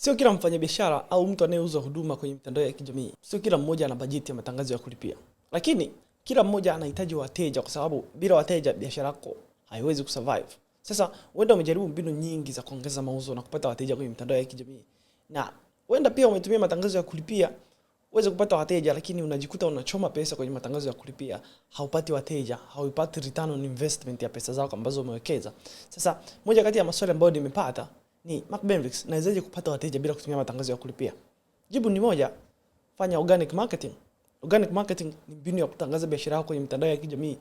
Sio kila mfanyabiashara au mtu anayeuza huduma kwenye mitandao ya kijamii, sio kila mmoja ana bajeti ya matangazo ya kulipia, lakini kila mmoja anahitaji wateja, kwa sababu bila wateja biashara yako haiwezi kusurvive. Sasa uenda umejaribu mbinu nyingi za kuongeza mauzo na kupata wateja kwenye mitandao ya kijamii, na uenda pia umetumia matangazo ya kulipia uweze kupata wateja, lakini unajikuta unachoma pesa kwenye matangazo ya kulipia, haupati wateja, haupati return on investment ya pesa zako ambazo umewekeza. Sasa moja kati ya maswali ambayo nimepata ni Mac Benfix, nawezaje kupata wateja bila kutumia matangazo ya kulipia? Jibu ni moja, fanya organic marketing. Organic marketing ni mbinu ya kutangaza biashara yako kwenye mitandao ya kijamii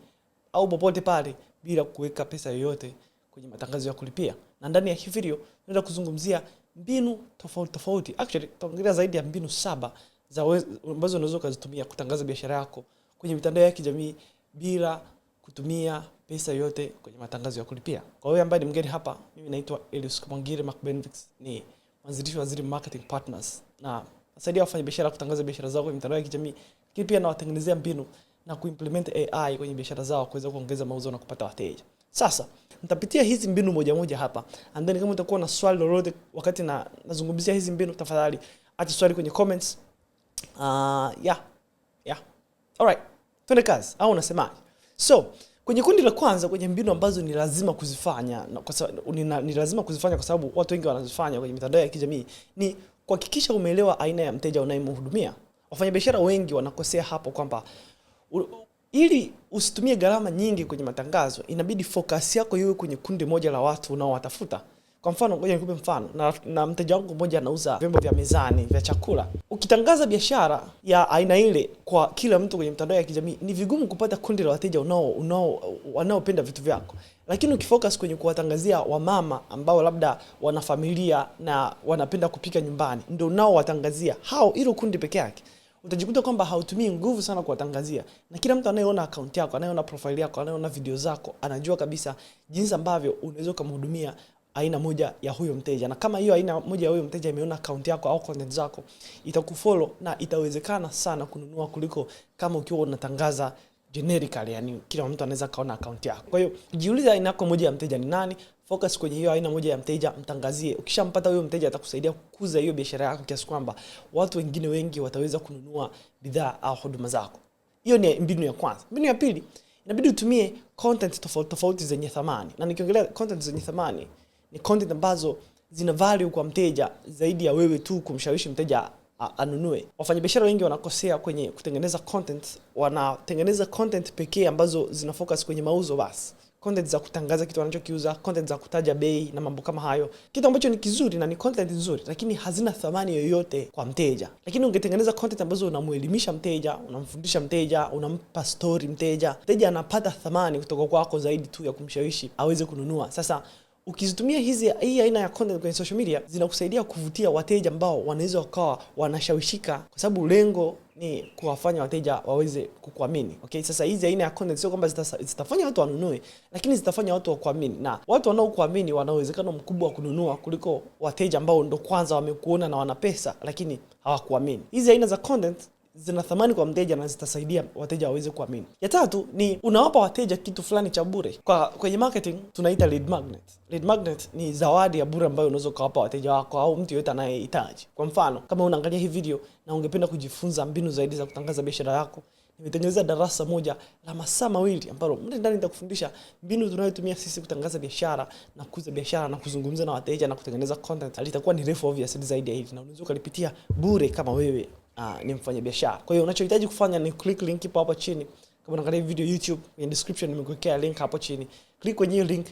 au popote pale bila kuweka pesa yoyote kwenye matangazo ya kulipia. Na ndani ya hii video tunaenda kuzungumzia mbinu tofauti tofauti. Actually, tutaongelea zaidi ya mbinu saba za ambazo unaweza ukazitumia kutangaza biashara yako kwenye mitandao ya kijamii bila kutumia pesa yote kwenye matangazo ya kulipia. Kwa hiyo ambaye ni mgeni hapa, mimi naitwa Elius Kamwangire Macbenvix, ni mwanzilishi wa Ziri Marketing Partners na nasaidia wafanyabiashara kutangaza biashara zao kwenye mitandao ya kijamii, lakini pia nawatengenezea mbinu na kuimplement AI kwenye biashara zao kuweza kuongeza mauzo na kupata wateja. Sasa nitapitia hizi mbinu moja moja hapa, and then kama utakuwa na swali lolote wakati na nazungumzia hizi mbinu, tafadhali acha swali kwenye comments. Uh, yeah. Yeah. All right. Twende kazi au unasemaje? So Kwenye kundi la kwanza, kwenye mbinu ambazo ni lazima kuzifanya ni, ni lazima kuzifanya kwa sababu watu wengi wanazifanya kwenye mitandao ya kijamii ni kuhakikisha umeelewa aina ya mteja unayemhudumia. Wafanyabiashara wengi wanakosea hapo kwamba ili usitumie gharama nyingi kwenye matangazo, inabidi focus yako iwe kwenye kundi moja la watu unaowatafuta. Kwa mfano ngoja nikupe mfano na, na mteja wangu mmoja anauza vyombo vya mezani vya chakula. Ukitangaza biashara ya aina ile kwa kila mtu kwenye mtandao ya kijamii, ni vigumu kupata kundi la wateja unao unao wanaopenda vitu vyako, lakini ukifocus kwenye kuwatangazia wamama ambao labda wana familia na wanapenda kupika nyumbani, ndio nao watangazia hao, hilo kundi peke yake utajikuta kwamba hautumii nguvu sana kuwatangazia, na kila mtu anayeona akaunti yako, anayeona profile yako, anayeona video zako anajua kabisa jinsi ambavyo unaweza ukamhudumia aina moja ya huyo mteja, na kama hiyo aina moja ya huyo mteja imeona akaunti yako au content zako itakufollow na itawezekana sana kununua kuliko kama ukiwa unatangaza generically, yani kila mtu anaweza kaona akaunti yako. Kwa hiyo jiuliza aina yako moja ya mteja ni nani? Focus kwenye hiyo aina moja ya mteja, mtangazie. Ukishampata huyo mteja, atakusaidia kukuza hiyo biashara yako kiasi kwamba watu wengine wengi wataweza kununua bidhaa au huduma zako. Hiyo ni mbinu ya kwanza. Mbinu ya pili, inabidi utumie content tofauti tofauti zenye thamani, na nikiongelea content zenye thamani ni content ambazo zina value kwa mteja zaidi ya wewe tu kumshawishi mteja anunue. Wafanyabiashara wengi wanakosea kwenye kutengeneza content, wanatengeneza content pekee ambazo zina focus kwenye mauzo basi content za kutangaza kitu wanachokiuza, content za kutaja bei na mambo kama hayo, kitu ambacho ni kizuri na ni content nzuri, lakini hazina thamani yoyote kwa mteja. Lakini ungetengeneza content ambazo unamuelimisha mteja, unamfundisha mteja, unampa story mteja, mteja anapata thamani kutoka kwako zaidi tu ya kumshawishi aweze kununua. Sasa ukizitumia hizi hii aina ya content kwenye social media zinakusaidia kuvutia wateja ambao wanaweza wakawa wanashawishika, kwa sababu lengo ni kuwafanya wateja waweze kukuamini. Okay, sasa hizi aina ya content sio kwamba zitafanya watu wanunue, lakini zitafanya watu wakuamini, na watu wanaokuamini wana uwezekano mkubwa wa kununua kuliko wateja ambao ndo kwanza wamekuona na wana pesa, lakini hawakuamini. Hizi aina za content zina thamani kwa mteja na zitasaidia wateja waweze kuamini. Ya tatu ni unawapa wateja kitu fulani cha bure. Kwa kwenye marketing tunaita lead magnet. Lead magnet ni zawadi ya bure ambayo unaweza ukawapa wateja wako au mtu yoyote anayehitaji. Kwa mfano, kama unaangalia hii video na ungependa kujifunza mbinu zaidi za kutangaza biashara yako, nimetengeneza darasa moja la masaa mawili ambalo mle ndani nitakufundisha mbinu tunayotumia sisi kutangaza biashara na kuuza biashara na kuzungumza na wateja na kutengeneza content. Litakuwa ni refu obviously zaidi ya hivi na unaweza ukalipitia bure kama wewe uh, ni mfanyabiashara. Kwa hiyo unachohitaji kufanya ni click link ipo hapo chini. Kama unaangalia video YouTube, in description nimekuwekea link hapo chini. Click kwenye link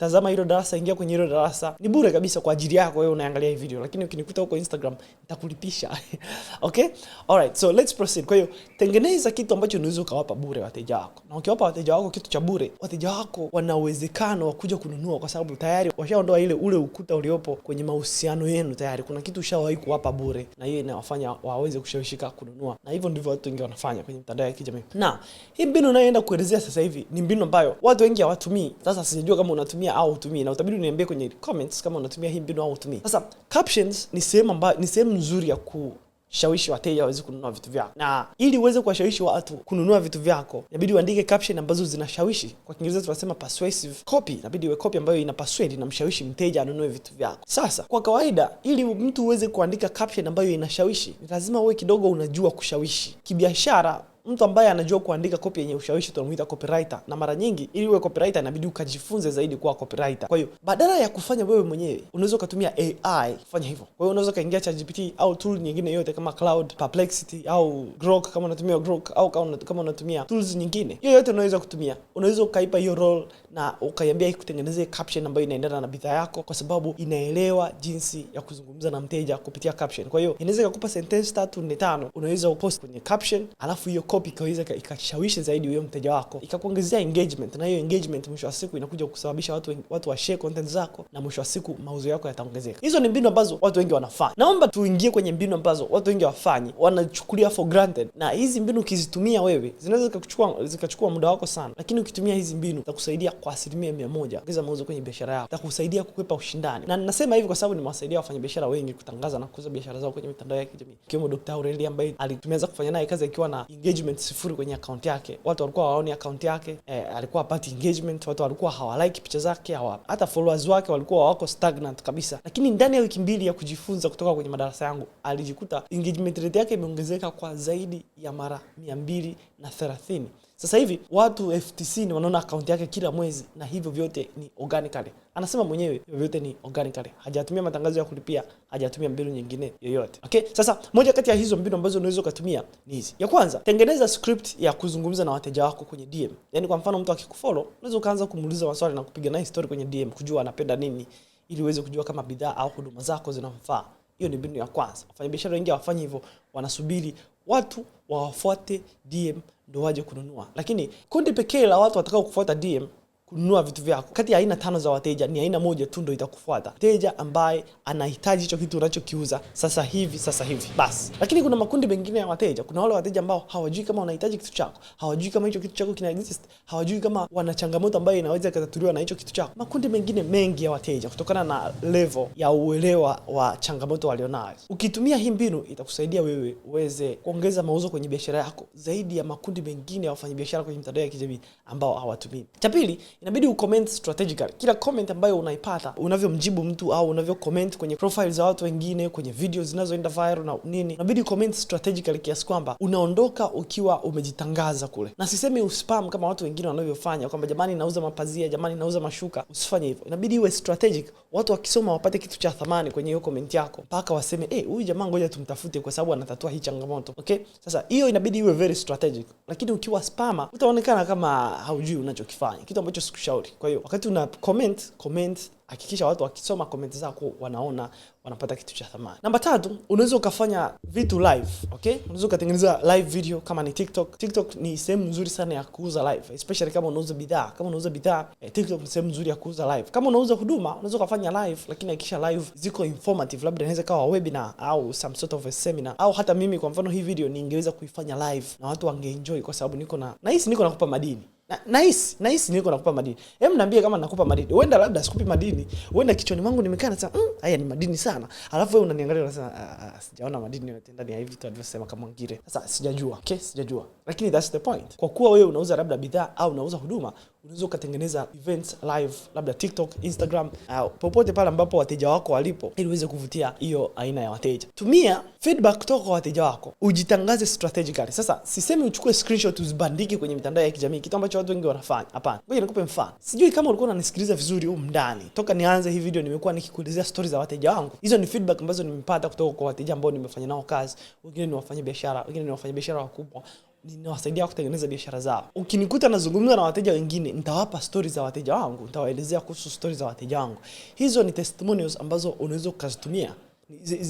tazama hilo darasa, ingia kwenye hilo darasa, ni bure kabisa kwa ajili yako wewe unaangalia hii video, lakini ukinikuta huko Instagram nitakulipisha okay, alright, so let's proceed. Kwa hiyo tengeneza kitu ambacho unaweza ukawapa bure wateja wako, na ukiwapa wateja wako kitu cha bure, wateja wako wana uwezekano wa kuja kununua, kwa sababu tayari washaondoa ile ule ukuta uliopo kwenye mahusiano yenu. Tayari kuna kitu ushawahi kuwapa bure, na hiyo inawafanya waweze kushawishika kununua, na hivyo ndivyo watu wengi wanafanya kwenye mitandao ya kijamii. Na hii mbinu unayoenda kuelezea sasa hivi ni mbinu ambayo watu wengi hawatumii. Sasa sijajua kama unatumia unatumia au utumii, na utabidi uniambie kwenye comments kama unatumia hii mbinu au utumii. Sasa captions ni sehemu ambayo ni sehemu nzuri ya ku shawishi wateja waweze kununua vitu vyako, na ili uweze kuwashawishi watu kununua vitu vyako, inabidi uandike caption ambazo zinashawishi. Kwa Kiingereza tunasema persuasive copy, inabidi iwe copy ambayo ina persuade, inamshawishi mteja anunue vitu vyako. Sasa kwa kawaida, ili mtu uweze kuandika caption ambayo inashawishi, lazima uwe kidogo unajua kushawishi kibiashara mtu ambaye anajua kuandika copy yenye ushawishi tunamuita copywriter, na mara nyingi ili uwe copywriter inabidi ukajifunze zaidi kuwa copywriter. Kwa hiyo badala ya kufanya wewe mwenyewe unaweza ukatumia AI kufanya hivyo. Kwa hiyo unaweza ukaingia ChatGPT au tool nyingine yote kama cloud Perplexity au Grok kama unatumia Grok au kama unatumia tools nyingine yoyote unaweza kutumia, unaweza ukaipa hiyo role na ukaiambia ikutengenezee caption ambayo inaendana na bidhaa yako, kwa sababu inaelewa jinsi ya kuzungumza na mteja kupitia caption. Kwa hiyo inaweza ikakupa sentence tatu nne tano, unaweza upost kwenye caption alafu hiyo copy ikaweza ikashawishi zaidi huyo mteja wako, ikakuongezea engagement, na hiyo engagement mwisho wa siku inakuja kusababisha watu watu wa share content zako, na mwisho wa siku mauzo yako yataongezeka. Hizo ni mbinu ambazo watu wengi wanafanya. Naomba tuingie kwenye mbinu ambazo watu wengi wafanye, wanachukulia for granted, na hizi mbinu ukizitumia wewe zinaweza zikachukua zikachukua muda wako sana, lakini ukitumia hizi mbinu itakusaidia kwa asilimia mia moja mauzo kwenye biashara yako, itakusaidia kukwepa ushindani. Na nasema hivi kwa sababu nimewasaidia wafanyabiashara wengi kutangaza na kuuza biashara zao kwenye mitandao ya kijamii, ikiwemo Dr. Aurelia ambaye alitumeweza kufanya naye kazi akiwa na engagement engagement sifuri kwenye akaunti yake, watu walikuwa hawaoni akaunti yake eh, alikuwa apati engagement, watu walikuwa hawalike picha zake, hata followers wake walikuwa wako stagnant kabisa. Lakini ndani ya wiki mbili ya kujifunza kutoka kwenye madarasa yangu alijikuta engagement rate yake imeongezeka kwa zaidi ya mara mia mbili na thelathini. Sasa hivi watu elfu tisini wanaona akaunti yake kila mwezi, na hivyo vyote ni organically. Anasema mwenyewe hivyo vyote ni organically, hajatumia matangazo ya kulipia, hajatumia mbinu nyingine yoyote. Okay, sasa moja kati ya hizo mbinu ambazo unaweza ukatumia ni hizi. Ya kwanza, tengeneza script ya kuzungumza na wateja wako kwenye DM. yaani kwa mfano, mtu akikufollow unaweza ukaanza kumuuliza maswali na kupiga naye story kwenye DM, kujua anapenda nini, ili uweze kujua kama bidhaa au huduma zako zinamfaa. Hiyo ni mbinu ya kwanza. Wafanyabiashara wengi hawafanyi hivyo, wanasubiri watu wawafuate DM ndo waje kununua, lakini kundi pekee la watu watakao kufuata DM kununua vitu vyako. Kati ya aina tano za wateja ni aina moja tu ndo itakufuata, teja ambaye anahitaji hicho kitu unachokiuza sasa hivi sasa hivi basi. Lakini kuna makundi mengine ya wateja. Kuna wale wateja ambao hawajui kama wanahitaji kitu chako, hawajui kama hicho kitu chako kina exist, hawajui kama wana changamoto ambayo inaweza ikatatuliwa na hicho kitu chako. Makundi mengine mengi ya wateja, kutokana na level ya uelewa wa changamoto walionayo. Ukitumia hii mbinu, itakusaidia wewe uweze kuongeza mauzo kwenye biashara yako zaidi ya makundi mengine ya wafanyabiashara kwenye mitandao ya kijamii ambao hawatumii. Cha pili inabidi ucomment strategically. Kila comment ambayo unaipata, unavyomjibu mtu au unavyo comment kwenye profile za watu wengine, kwenye video zinazoenda viral na nini, inabidi ucomment strategically kiasi kwamba unaondoka ukiwa umejitangaza kule, na sisemi uspam kama watu wengine wanavyofanya kwamba jamani, nauza mapazia, jamani, nauza mashuka. Usifanye hivyo, inabidi iwe strategic, watu wakisoma wapate kitu cha thamani kwenye hiyo comment yako, mpaka waseme eh, huyu jamaa ngoja tumtafute kwa sababu anatatua hii changamoto. Okay, sasa hiyo inabidi iwe very strategic, lakini ukiwa spama utaonekana kama haujui unachokifanya kitu ambacho kushauri Kwa hiyo wakati una comment, comment hakikisha watu wakisoma comment zako wanaona wanapata kitu cha thamani. Namba tatu, unaweza ukafanya vitu live, okay? Unaweza ukatengeneza live video kama ni TikTok. TikTok ni sehemu nzuri sana ya kuuza live, especially kama unauza bidhaa. Kama unauza bidhaa, eh, TikTok ni sehemu nzuri ya kuuza live. Kama unauza huduma, unaweza ukafanya live, lakini hakikisha live ziko informative, labda inaweza kawa webinar au some sort of a seminar, au hata mimi kwa mfano hii video ningeweza kuifanya live na watu wangeenjoy, kwa sababu niko na nahisi niko nakupa madini na, nahisi niko nakupa madini. Hem, niambie kama nakupa madini. Uenda labda sikupi madini. Uenda kichwani mwangu nimekaa nasema, "Mm, haya ni madini sana." Alafu wewe unaniangalia unasema, ah, ah, ah, "Sijaona madini yote ndani ya hivi tu alivyosema kama ngire." Sasa sijajua. Okay, sijajua. Lakini that's the point. Kwa kuwa wewe unauza labda bidhaa au unauza huduma, unaweza ukatengeneza events live labda TikTok, Instagram, au popote pale ambapo wateja wako walipo ili uweze kuvutia hiyo aina ya wateja. Tumia feedback kutoka kwa wateja wako. Ujitangaze strategically. Sasa sisemi uchukue screenshot uzibandike kwenye mitandao ya kijamii kitu ambacho watu wengi wanafanya. Hapana, ngoja nikupe mfano. Sijui kama ulikuwa unanisikiliza vizuri huu mndani Toka nianze hii video nimekuwa nikikuelezea stori za wateja wangu. Hizo ni feedback ambazo nimepata kutoka kwa wateja ambao nimefanya nao kazi. Wengine ni wafanya biashara, wengine ni wafanya biashara wakubwa ninawasaidia kutengeneza biashara zao. Ukinikuta nazungumza na wateja wengine, nitawapa stori za wateja wangu, nitawaelezea kuhusu stori za wateja wangu. Hizo ni testimonials ambazo unaweza ukazitumia,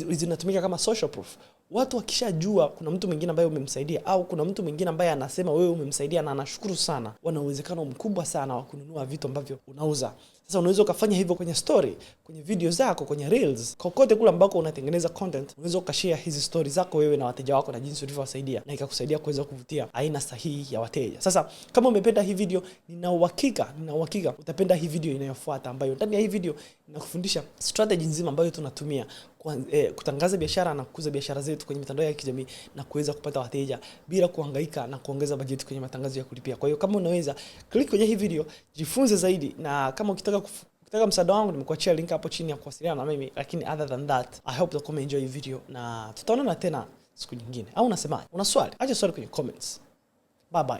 zinatumika kama social proof watu wakishajua kuna mtu mwingine ambaye umemsaidia au kuna mtu mwingine ambaye anasema wewe umemsaidia na anashukuru sana, wana uwezekano mkubwa sana wa kununua vitu ambavyo unauza. Sasa unaweza ukafanya hivyo kwenye story, kwenye video zako, kwenye reels, kokote kule ambako unatengeneza content, unaweza ukashare hizi story zako wewe na wateja wako na jinsi ulivyowasaidia, na ikakusaidia kuweza kuvutia aina sahihi ya wateja. Sasa kama umependa hii video, nina uhakika, nina uhakika utapenda hii video inayofuata, ambayo ndani ya hii video nakufundisha strategy nzima ambayo tunatumia eh, kutangaza biashara na kukuza biashara zetu kwenye mitandao ya kijamii na kuweza kupata wateja bila kuhangaika na kuongeza bajeti kwenye matangazo ya kulipia. Kwa hiyo kama unaweza click kwenye hii video, jifunze zaidi, na kama ukitaka ukitaka msaada wangu nimekuachia link hapo chini ya kuwasiliana na mimi, lakini other than that I hope that you enjoy hii video na tutaonana tena siku nyingine, au unasemaje? Una swali? Acha swali kwenye comments. Bye bye.